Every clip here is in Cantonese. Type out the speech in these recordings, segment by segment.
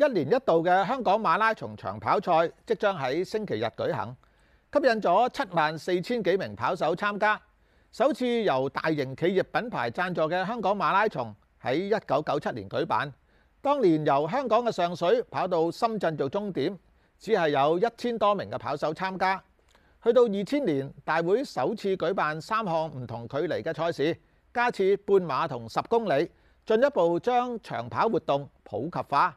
一年一度嘅香港馬拉松長跑賽即將喺星期日舉行，吸引咗七萬四千幾名跑手參加。首次由大型企業品牌贊助嘅香港馬拉松喺一九九七年舉辦，當年由香港嘅上水跑到深圳做終點，只係有一千多名嘅跑手參加。去到二千年，大會首次舉辦三項唔同距離嘅賽事，加設半馬同十公里，進一步將長跑活動普及化。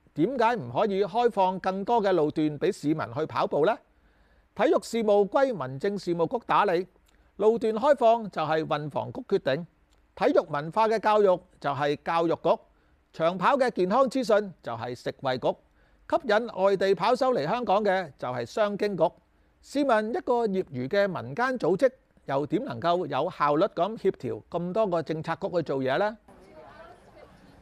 點解唔可以開放更多嘅路段俾市民去跑步呢？體育事務歸民政事務局打理，路段開放就係運房局決定；體育文化嘅教育就係教育局，長跑嘅健康資訊就係食衞局，吸引外地跑手嚟香港嘅就係商經局。市民一個業餘嘅民間組織，又點能夠有效率咁協調咁多個政策局去做嘢呢？